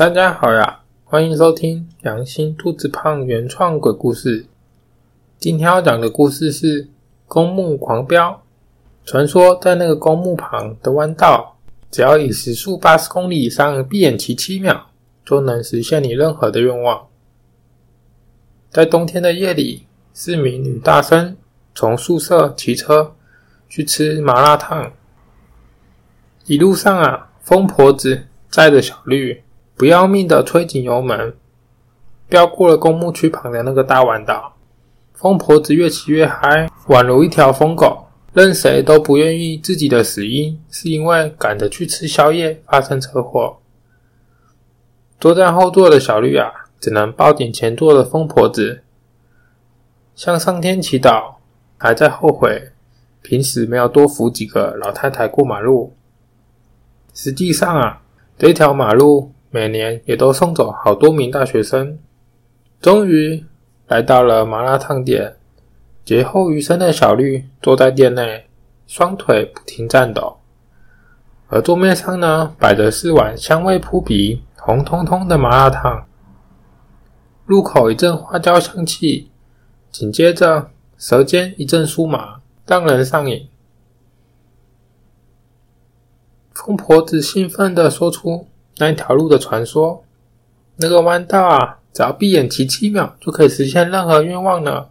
大家好呀，歡迎收聽《良心兔子胖》原創鬼故事。今天要講的故事是公墓狂飆。傳說在那個公墓旁的彎道，只要以時速八十公里以上，閉眼騎七秒，就能實現你任何的願望。在冬天的夜裡，四名女大生從宿舍騎車去吃麻辣燙，一路上啊，瘋婆子載着小綠。不要命的，催緊油門，飆過了公墓區旁的那個大彎道。瘋婆子越騎越嗨，宛如一條瘋狗，任誰都不願意自己的死因是因為趕着去吃宵夜發生車禍。坐在後座的小綠啊，只能抱緊前座的瘋婆子，向上天祈禱，還在後悔平時沒有多扶幾個老太太過馬路。實際上啊，這條馬路。每年也都送走好多名大學生。終於來到了麻辣燙店，劫後餘生的小綠坐在店內，雙腿不停顫抖。而桌面上呢，擺着四碗香味撲鼻、紅彤彤的麻辣燙。入口一陣花椒香氣，緊接着舌尖一陣酥麻，讓人上癮。瘋婆子興奮地說出。那一條路的傳說，那個彎道啊，只要閉眼騎七秒，就可以實現任何願望呢。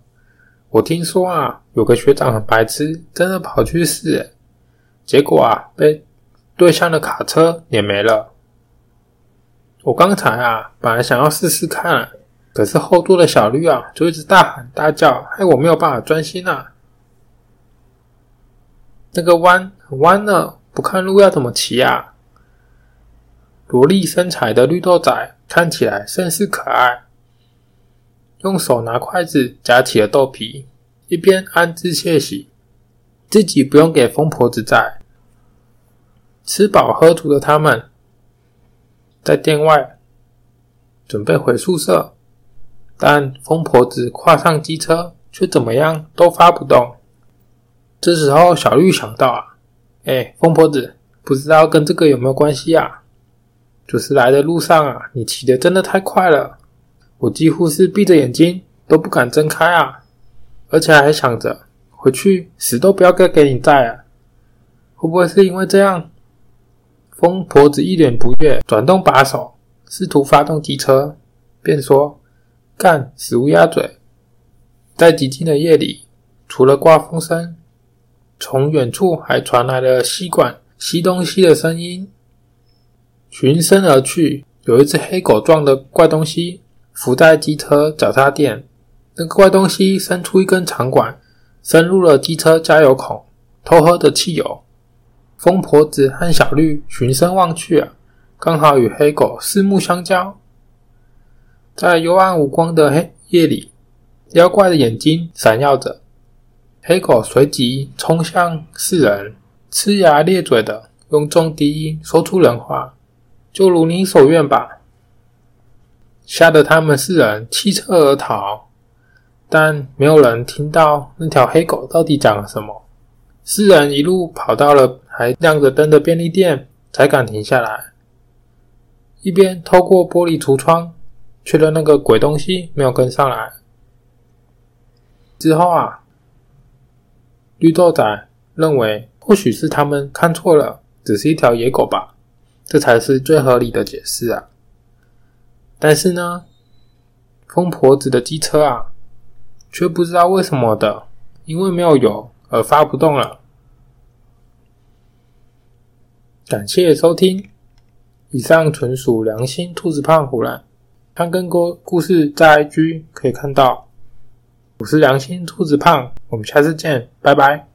我聽說啊，有個學長很白痴，真的跑去試、欸，結果啊，被對向的卡車碾沒了。我剛才啊，本來想要試試看，可是後座的小綠啊，就一直大喊大叫，害、欸、我沒有辦法專心啊，那個彎很彎呢，不看路要怎麼騎啊？蘿莉身材的綠豆仔看起來甚是可愛，用手拿筷子夾起了豆皮，一邊暗自竊喜，自己不用給瘋婆子載。吃飽喝足的他們，在店外準備回宿舍，但瘋婆子跨上機車卻怎麼樣都發不動。這時候，小綠想到啊，哎、欸，瘋婆子不知道跟這個有沒有關係啊？就是來的路上啊，你騎得真的太快了，我幾乎是閉着眼睛都不敢睜開啊，而且還想着回去死都不要再給你載啊。會不會是因為這樣？瘋婆子一臉不悅，轉動把手，試圖發動機車，便說：“幹，死烏鴉嘴！”在寂靜的夜裡，除了刮風聲，從遠處還傳來了吸管吸東西的聲音。循聲而去，有一隻黑狗狀的怪東西伏在機車腳踏墊。那個怪東西伸出一根長管，伸入了機車加油口，偷喝的汽油。瘋婆子和小綠循聲望去啊，剛好與黑狗四目相交。在幽暗無光的黑夜裡，妖怪的眼睛閃耀着。黑狗隨即衝向四人，呲牙咧嘴的用重低音說出人話。就如你所願吧。嚇得他們四人棄車而逃，但沒有人聽到那條黑狗到底講了什麼。四人一路跑到了還亮着燈的便利店，才敢停下來，一邊透過玻璃櫥窗確認那個鬼東西沒有跟上來。之後啊，綠豆仔認為或許是他們看錯了，只是一條野狗吧。這才是最合理的解釋啊！但是呢，瘋婆子的機車啊，卻不知道為什麼的，因為沒有油而發不動了。感謝收聽，以上純屬良心兔子胖胡亂。看更多故事在 IG 可以看到，我是良心兔子胖，我們下次見，拜拜。